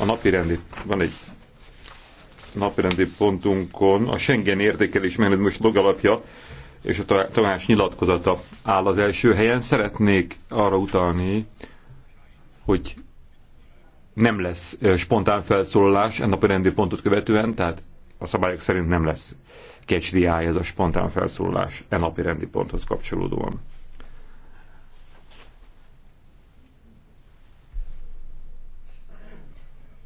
A napirendi, van egy napirendi pontunkon a Schengen értékelés mechanizmus logalapja és a Tamás nyilatkozata áll az első helyen. Szeretnék arra utalni, hogy nem lesz spontán felszólalás ennek a rendi pontot követően, tehát a szabályok szerint nem lesz catch the eye, ez a spontán felszólalás e napi rendi ponthoz kapcsolódóan.